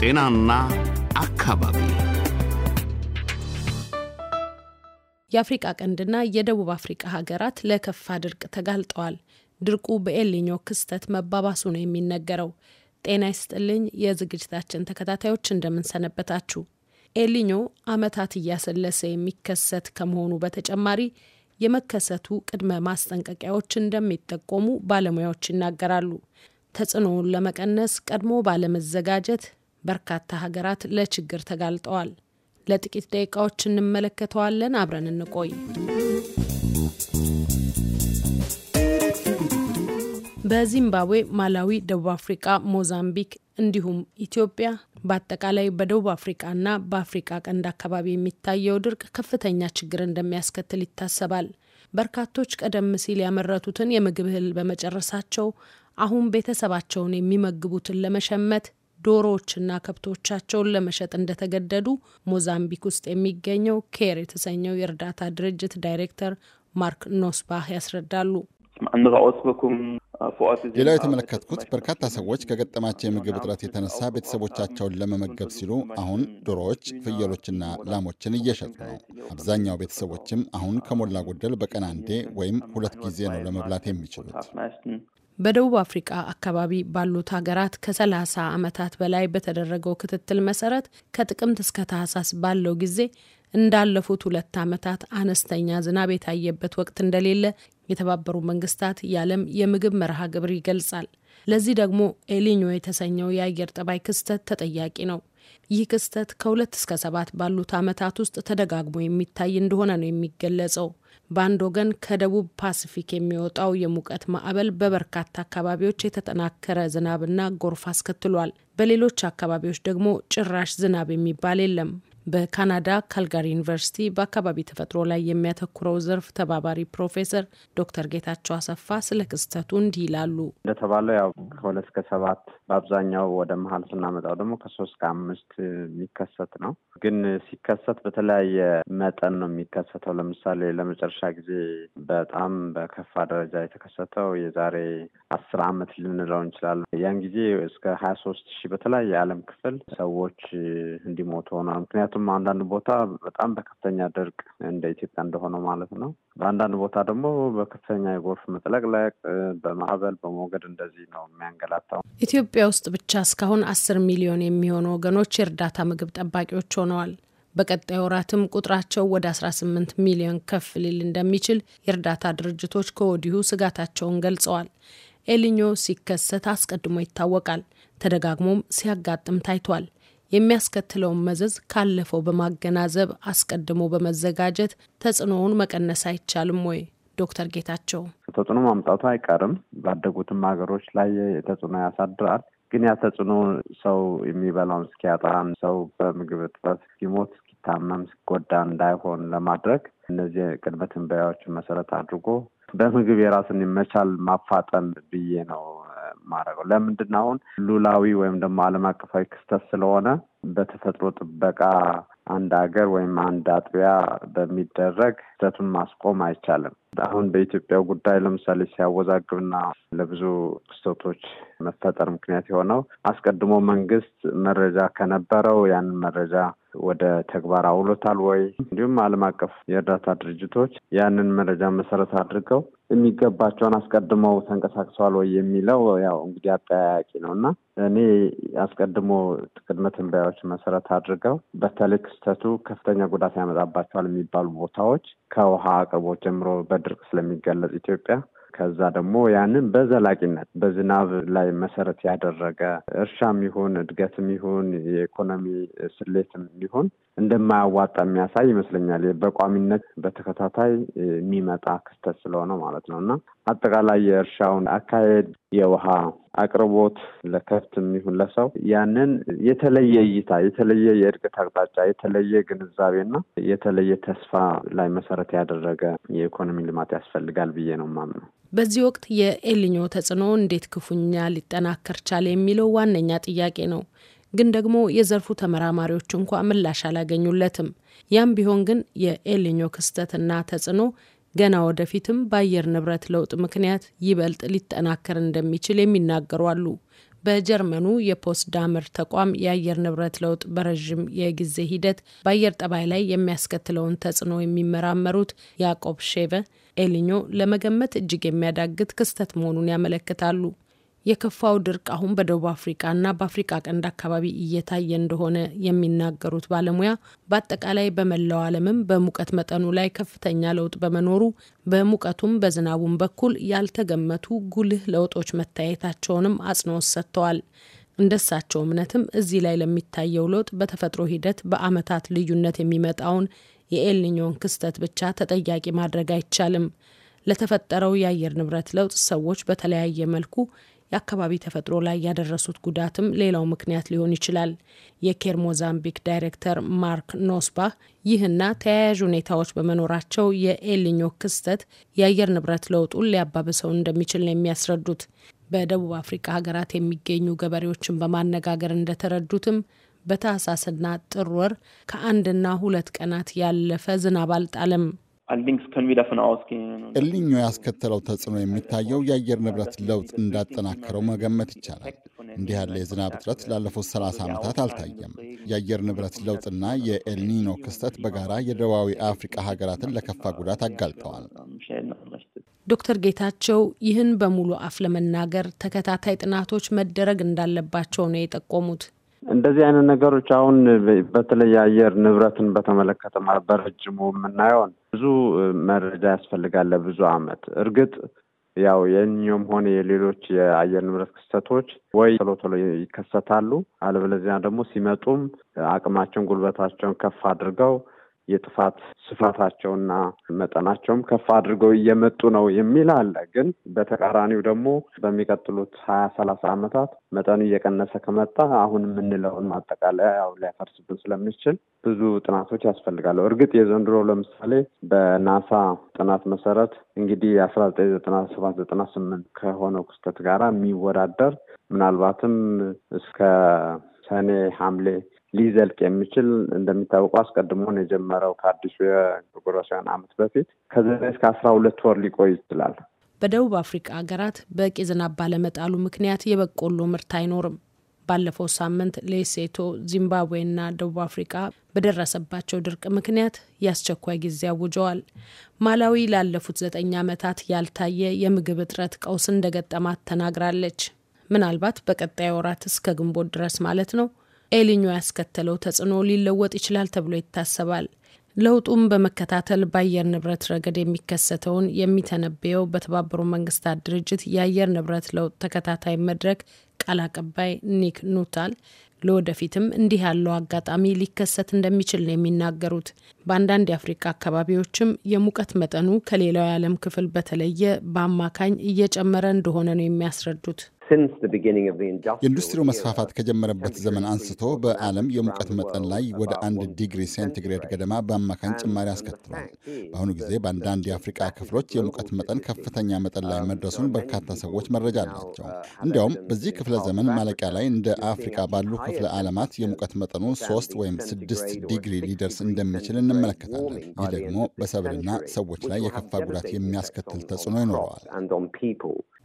ጤናና አካባቢ የአፍሪቃ ቀንድና የደቡብ አፍሪቃ ሀገራት ለከፋ ድርቅ ተጋልጠዋል። ድርቁ በኤልኒኞ ክስተት መባባሱ ነው የሚነገረው። ጤና ይስጥልኝ የዝግጅታችን ተከታታዮች እንደምንሰነበታችሁ። ኤልኒኞ ዓመታት እያሰለሰ የሚከሰት ከመሆኑ በተጨማሪ የመከሰቱ ቅድመ ማስጠንቀቂያዎች እንደሚጠቆሙ ባለሙያዎች ይናገራሉ። ተጽዕኖውን ለመቀነስ ቀድሞ ባለመዘጋጀት በርካታ ሀገራት ለችግር ተጋልጠዋል። ለጥቂት ደቂቃዎች እንመለከተዋለን። አብረን እንቆይ። በዚምባብዌ፣ ማላዊ፣ ደቡብ አፍሪቃ፣ ሞዛምቢክ እንዲሁም ኢትዮጵያ በአጠቃላይ በደቡብ አፍሪቃና በአፍሪቃ ቀንድ አካባቢ የሚታየው ድርቅ ከፍተኛ ችግር እንደሚያስከትል ይታሰባል። በርካቶች ቀደም ሲል ያመረቱትን የምግብ እህል በመጨረሳቸው አሁን ቤተሰባቸውን የሚመግቡትን ለመሸመት ዶሮዎችና ከብቶቻቸውን ለመሸጥ እንደተገደዱ ሞዛምቢክ ውስጥ የሚገኘው ኬር የተሰኘው የእርዳታ ድርጅት ዳይሬክተር ማርክ ኖስባህ ያስረዳሉ። ሌላው የተመለከትኩት በርካታ ሰዎች ከገጠማቸው የምግብ እጥረት የተነሳ ቤተሰቦቻቸውን ለመመገብ ሲሉ አሁን ዶሮዎች፣ ፍየሎችና ላሞችን እየሸጡ ነው። አብዛኛው ቤተሰቦችም አሁን ከሞላ ጎደል በቀን አንዴ ወይም ሁለት ጊዜ ነው ለመብላት የሚችሉት። በደቡብ አፍሪካ አካባቢ ባሉት ሀገራት ከ30 ዓመታት በላይ በተደረገው ክትትል መሰረት ከጥቅምት እስከ ታህሳስ ባለው ጊዜ እንዳለፉት ሁለት ዓመታት አነስተኛ ዝናብ የታየበት ወቅት እንደሌለ የተባበሩ መንግስታት የዓለም የምግብ መርሃ ግብር ይገልጻል። ለዚህ ደግሞ ኤሊኞ የተሰኘው የአየር ጠባይ ክስተት ተጠያቂ ነው። ይህ ክስተት ከሁለት እስከ ሰባት ባሉት ዓመታት ውስጥ ተደጋግሞ የሚታይ እንደሆነ ነው የሚገለጸው። በአንድ ወገን ከደቡብ ፓሲፊክ የሚወጣው የሙቀት ማዕበል በበርካታ አካባቢዎች የተጠናከረ ዝናብና ጎርፍ አስከትሏል። በሌሎች አካባቢዎች ደግሞ ጭራሽ ዝናብ የሚባል የለም። በካናዳ ካልጋሪ ዩኒቨርሲቲ በአካባቢ ተፈጥሮ ላይ የሚያተኩረው ዘርፍ ተባባሪ ፕሮፌሰር ዶክተር ጌታቸው አሰፋ ስለ ክስተቱ እንዲህ ይላሉ። እንደተባለው ያው ከሁለት እስከ ሰባት በአብዛኛው ወደ መሀል ስናመጣው ደግሞ ከሶስት ከአምስት የሚከሰት ነው። ግን ሲከሰት በተለያየ መጠን ነው የሚከሰተው። ለምሳሌ ለመጨረሻ ጊዜ በጣም በከፋ ደረጃ የተከሰተው የዛሬ አስር አመት ልንለው እንችላለን። ያን ጊዜ እስከ ሀያ ሶስት ሺህ በተለያየ የዓለም ክፍል ሰዎች እንዲሞቱ ሆኗል። ምክንያቱም አንዳንድ ቦታ በጣም በከፍተኛ ድርቅ እንደ ኢትዮጵያ እንደሆነው ማለት ነው። በአንዳንድ ቦታ ደግሞ በከፍተኛ የጎርፍ መጥለቅለቅ፣ በማዕበል በሞገድ እንደዚህ ነው የሚያንገላታው። ኢትዮጵያ ውስጥ ብቻ እስካሁን አስር ሚሊዮን የሚሆኑ ወገኖች የእርዳታ ምግብ ጠባቂዎች ሆነዋል። በቀጣይ ወራትም ቁጥራቸው ወደ 18 ሚሊዮን ከፍ ሊል እንደሚችል የእርዳታ ድርጅቶች ከወዲሁ ስጋታቸውን ገልጸዋል። ኤልኞ ሲከሰት አስቀድሞ ይታወቃል፣ ተደጋግሞም ሲያጋጥም ታይቷል። የሚያስከትለውን መዘዝ ካለፈው በማገናዘብ አስቀድሞ በመዘጋጀት ተጽዕኖውን መቀነስ አይቻልም ወይ? ዶክተር ጌታቸው ተጽዕኖ ማምጣቱ አይቀርም። ባደጉትም ሀገሮች ላይ ተጽዕኖ ያሳድራል። ግን ያ ተጽዕኖ ሰው የሚበላውን እስኪያጣን፣ ሰው በምግብ እጥረት እስኪሞት፣ እስኪታመም፣ እስኪጎዳ እንዳይሆን ለማድረግ እነዚህ ቅድመ ትንበያዎችን መሰረት አድርጎ በምግብ የራስን መቻል ማፋጠን ብዬ ነው ማድረገው ለምንድን አሁን ሉላዊ ወይም ደግሞ ዓለም አቀፋዊ ክስተት ስለሆነ በተፈጥሮ ጥበቃ አንድ ሀገር ወይም አንድ አጥቢያ በሚደረግ ስደቱን ማስቆም አይቻልም። አሁን በኢትዮጵያ ጉዳይ ለምሳሌ ሲያወዛግብና ለብዙ ክስተቶች መፈጠር ምክንያት የሆነው አስቀድሞ መንግስት መረጃ ከነበረው ያንን መረጃ ወደ ተግባር አውሎታል ወይ? እንዲሁም ዓለም አቀፍ የእርዳታ ድርጅቶች ያንን መረጃ መሰረት አድርገው የሚገባቸውን አስቀድመው ተንቀሳቅሰዋል ወይ የሚለው ያው እንግዲህ አጠያያቂ ነው እና እኔ አስቀድሞ ቅድመ ትንበያዎች መሰረት አድርገው በተለይ ክስተቱ ከፍተኛ ጉዳት ያመጣባቸዋል የሚባሉ ቦታዎች ከውሃ አቅርቦት ጀምሮ በድርቅ ስለሚገለጽ ኢትዮጵያ ከዛ ደግሞ ያንን በዘላቂነት በዝናብ ላይ መሰረት ያደረገ እርሻም ይሁን እድገትም ይሁን የኢኮኖሚ ስሌትም ይሁን እንደማያዋጣ የሚያሳይ ይመስለኛል። በቋሚነት በተከታታይ የሚመጣ ክስተት ስለሆነ ማለት ነው እና አጠቃላይ የእርሻውን አካሄድ የውሃ አቅርቦት ለከብት የሚሆን ለሰው ያንን የተለየ እይታ፣ የተለየ የእድገት አቅጣጫ፣ የተለየ ግንዛቤና የተለየ ተስፋ ላይ መሰረት ያደረገ የኢኮኖሚ ልማት ያስፈልጋል ብዬ ነው ማምነው። በዚህ ወቅት የኤልኞ ተጽዕኖ እንዴት ክፉኛ ሊጠናከር ቻለ የሚለው ዋነኛ ጥያቄ ነው። ግን ደግሞ የዘርፉ ተመራማሪዎች እንኳ ምላሽ አላገኙለትም። ያም ቢሆን ግን የኤልኞ ክስተትና ተጽዕኖ ገና ወደፊትም በአየር ንብረት ለውጥ ምክንያት ይበልጥ ሊጠናከር እንደሚችል የሚናገሩ አሉ። በጀርመኑ የፖስት ዳመር ተቋም የአየር ንብረት ለውጥ በረዥም የጊዜ ሂደት በአየር ጠባይ ላይ የሚያስከትለውን ተጽዕኖ የሚመራመሩት ያዕቆብ ሼቨ ኤልኞ ለመገመት እጅግ የሚያዳግት ክስተት መሆኑን ያመለክታሉ። የከፋው ድርቅ አሁን በደቡብ አፍሪካና በአፍሪካ ቀንድ አካባቢ እየታየ እንደሆነ የሚናገሩት ባለሙያ በአጠቃላይ በመላው ዓለምም በሙቀት መጠኑ ላይ ከፍተኛ ለውጥ በመኖሩ በሙቀቱም በዝናቡም በኩል ያልተገመቱ ጉልህ ለውጦች መታየታቸውንም አጽንኦት ሰጥተዋል። እንደሳቸው እምነትም እዚህ ላይ ለሚታየው ለውጥ በተፈጥሮ ሂደት በዓመታት ልዩነት የሚመጣውን የኤልኒኞን ክስተት ብቻ ተጠያቂ ማድረግ አይቻልም። ለተፈጠረው የአየር ንብረት ለውጥ ሰዎች በተለያየ መልኩ የአካባቢ ተፈጥሮ ላይ ያደረሱት ጉዳትም ሌላው ምክንያት ሊሆን ይችላል። የኬር ሞዛምቢክ ዳይሬክተር ማርክ ኖስባህ ይህና ተያያዥ ሁኔታዎች በመኖራቸው የኤልኞ ክስተት የአየር ንብረት ለውጡን ሊያባብሰው እንደሚችል ነው የሚያስረዱት። በደቡብ አፍሪካ ሀገራት የሚገኙ ገበሬዎችን በማነጋገር እንደተረዱትም በታህሳስና ጥር ወር ከአንድና ሁለት ቀናት ያለፈ ዝናብ አልጣለም። ኤልኒኞ ያስከተለው ተጽዕኖ የሚታየው የአየር ንብረት ለውጥ እንዳጠናከረው መገመት ይቻላል። እንዲህ ያለ የዝናብ እጥረት ላለፉት 30 ዓመታት አልታየም። የአየር ንብረት ለውጥና የኤልኒኖ ክስተት በጋራ የደቡባዊ አፍሪቃ ሀገራትን ለከፋ ጉዳት አጋልጠዋል። ዶክተር ጌታቸው ይህን በሙሉ አፍ ለመናገር ተከታታይ ጥናቶች መደረግ እንዳለባቸው ነው የጠቆሙት። እንደዚህ አይነት ነገሮች አሁን በተለይ የአየር ንብረትን በተመለከተ በረጅሙ የምናየውን ብዙ መረጃ ያስፈልጋል ለብዙ አመት እርግጥ ያው የኛም ሆነ የሌሎች የአየር ንብረት ክስተቶች ወይ ቶሎ ቶሎ ይከሰታሉ፣ አለበለዚያ ደግሞ ሲመጡም አቅማቸውን ጉልበታቸውን ከፍ አድርገው የጥፋት ስፋታቸውና መጠናቸውም ከፍ አድርገው እየመጡ ነው የሚል አለ። ግን በተቃራኒው ደግሞ በሚቀጥሉት ሀያ ሰላሳ ዓመታት መጠኑ እየቀነሰ ከመጣ አሁን የምንለውን ማጠቃለያ ያው ሊያፈርስብን ስለሚችል ብዙ ጥናቶች ያስፈልጋሉ። እርግጥ የዘንድሮ ለምሳሌ በናሳ ጥናት መሰረት እንግዲህ አስራ ዘጠኝ ዘጠና ሰባት ዘጠና ስምንት ከሆነው ክስተት ጋራ የሚወዳደር ምናልባትም እስከ ሰኔ ሐምሌ ሊዘልቅ የሚችል እንደሚታወቀው አስቀድሞን የጀመረው ከአዲሱ የጎረሲያን ዓመት በፊት ከዘጠኝ እስከ አስራ ሁለት ወር ሊቆይ ይችላል። በደቡብ አፍሪካ ሀገራት በቂ ዝናብ ባለመጣሉ ምክንያት የበቆሎ ምርት አይኖርም። ባለፈው ሳምንት ሌሴቶ፣ ዚምባብዌና ደቡብ አፍሪካ በደረሰባቸው ድርቅ ምክንያት የአስቸኳይ ጊዜ አውጀዋል። ማላዊ ላለፉት ዘጠኝ ዓመታት ያልታየ የምግብ እጥረት ቀውስ እንደገጠማት ተናግራለች። ምናልባት በቀጣይ ወራት እስከ ግንቦት ድረስ ማለት ነው ኤሊኞ ያስከተለው ተጽዕኖ ሊለወጥ ይችላል ተብሎ ይታሰባል። ለውጡም በመከታተል በአየር ንብረት ረገድ የሚከሰተውን የሚተነበየው በተባበሩ መንግስታት ድርጅት የአየር ንብረት ለውጥ ተከታታይ መድረክ ቃል አቀባይ ኒክ ኑታል ለወደፊትም እንዲህ ያለው አጋጣሚ ሊከሰት እንደሚችል ነው የሚናገሩት። በአንዳንድ የአፍሪካ አካባቢዎችም የሙቀት መጠኑ ከሌላው የዓለም ክፍል በተለየ በአማካኝ እየጨመረ እንደሆነ ነው የሚያስረዱት። የኢንዱስትሪው መስፋፋት ከጀመረበት ዘመን አንስቶ በዓለም የሙቀት መጠን ላይ ወደ አንድ ዲግሪ ሴንቲግሬድ ገደማ በአማካኝ ጭማሪ አስከትሏል። በአሁኑ ጊዜ በአንዳንድ የአፍሪቃ ክፍሎች የሙቀት መጠን ከፍተኛ መጠን ላይ um, መድረሱን በርካታ ሰዎች መረጃ አላቸው። uh, እንዲያውም በዚህ ክፍለ ዘመን ማለቂያ ላይ እንደ አፍሪቃ ባሉ ክፍለ ዓለማት የሙቀት መጠኑ ሶስት ወይም ስድስት ዲግሪ ሊደርስ እንደሚችል እንመለከታለን። ይህ ደግሞ በሰብልና ሰዎች ላይ የከፋ ጉዳት የሚያስከትል ተጽዕኖ ይኖረዋል።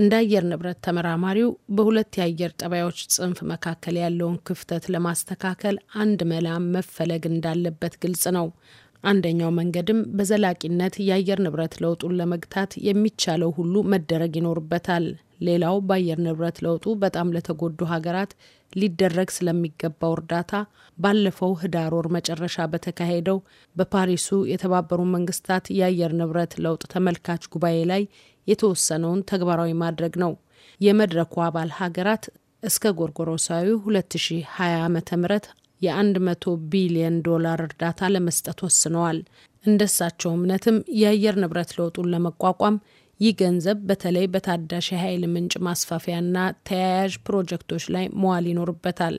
እንደ አየር ንብረት ተመራማሪው በሁለት የአየር ጠባዮች ጽንፍ መካከል ያለውን ክፍተት ለማስተካከል አንድ መላም መፈለግ እንዳለበት ግልጽ ነው። አንደኛው መንገድም በዘላቂነት የአየር ንብረት ለውጡን ለመግታት የሚቻለው ሁሉ መደረግ ይኖርበታል። ሌላው በአየር ንብረት ለውጡ በጣም ለተጎዱ ሀገራት ሊደረግ ስለሚገባው እርዳታ ባለፈው ህዳር ወር መጨረሻ በተካሄደው በፓሪሱ የተባበሩ መንግስታት የአየር ንብረት ለውጥ ተመልካች ጉባኤ ላይ የተወሰነውን ተግባራዊ ማድረግ ነው። የመድረኩ አባል ሀገራት እስከ ጎርጎሮሳዊ 2020 ዓ ም የ100 ቢሊዮን ዶላር እርዳታ ለመስጠት ወስነዋል። እንደሳቸው እምነትም የአየር ንብረት ለውጡን ለመቋቋም ይህ ገንዘብ በተለይ በታዳሽ የኃይል ምንጭ ማስፋፊያና ተያያዥ ፕሮጀክቶች ላይ መዋል ይኖርበታል።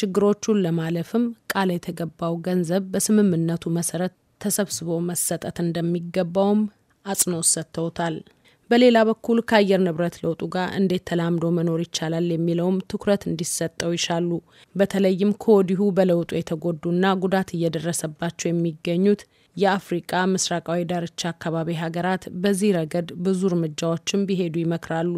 ችግሮቹን ለማለፍም ቃል የተገባው ገንዘብ በስምምነቱ መሰረት ተሰብስቦ መሰጠት እንደሚገባውም አጽንኦት ሰጥተውታል። በሌላ በኩል ከአየር ንብረት ለውጡ ጋር እንዴት ተላምዶ መኖር ይቻላል የሚለውም ትኩረት እንዲሰጠው ይሻሉ። በተለይም ከወዲሁ በለውጡ የተጎዱና ጉዳት እየደረሰባቸው የሚገኙት የአፍሪቃ ምስራቃዊ ዳርቻ አካባቢ ሀገራት በዚህ ረገድ ብዙ እርምጃዎችን ቢሄዱ ይመክራሉ።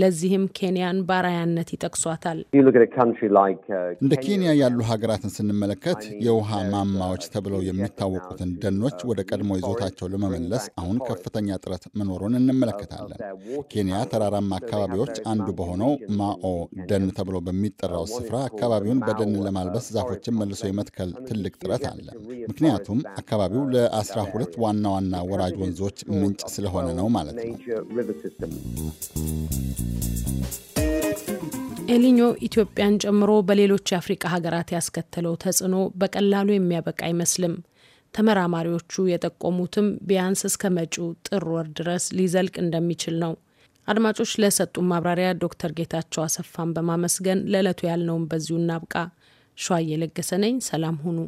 ለዚህም ኬንያን ባራያነት ይጠቅሷታል። uh, እንደ ኬንያ ያሉ ሀገራትን ስንመለከት የውሃ ማማዎች ተብለው የሚታወቁትን ደኖች ወደ ቀድሞ ይዞታቸው ለመመለስ አሁን ከፍተኛ ጥረት መኖሩን እንመለከታለን። ኬንያ ተራራማ አካባቢዎች አንዱ በሆነው ማኦ ደን ተብሎ በሚጠራው ስፍራ አካባቢውን በደን ለማልበስ ዛፎችን መልሶ የመትከል ትልቅ ጥረት አለ። ምክንያቱም አካባቢው ለአስራ ሁለት ዋና ዋና ወራጅ ወንዞች ምንጭ ስለሆነ ነው ማለት ነው። ኤሊኞ ኢትዮጵያን ጨምሮ በሌሎች የአፍሪቃ ሀገራት ያስከተለው ተጽዕኖ በቀላሉ የሚያበቃ አይመስልም። ተመራማሪዎቹ የጠቆሙትም ቢያንስ እስከ መጪው ጥር ወር ድረስ ሊዘልቅ እንደሚችል ነው። አድማጮች፣ ለሰጡን ማብራሪያ ዶክተር ጌታቸው አሰፋን በማመስገን ለዕለቱ ያልነውን በዚሁ እናብቃ። ሸዋዬ ለገሰ ነኝ። ሰላም ሁኑ።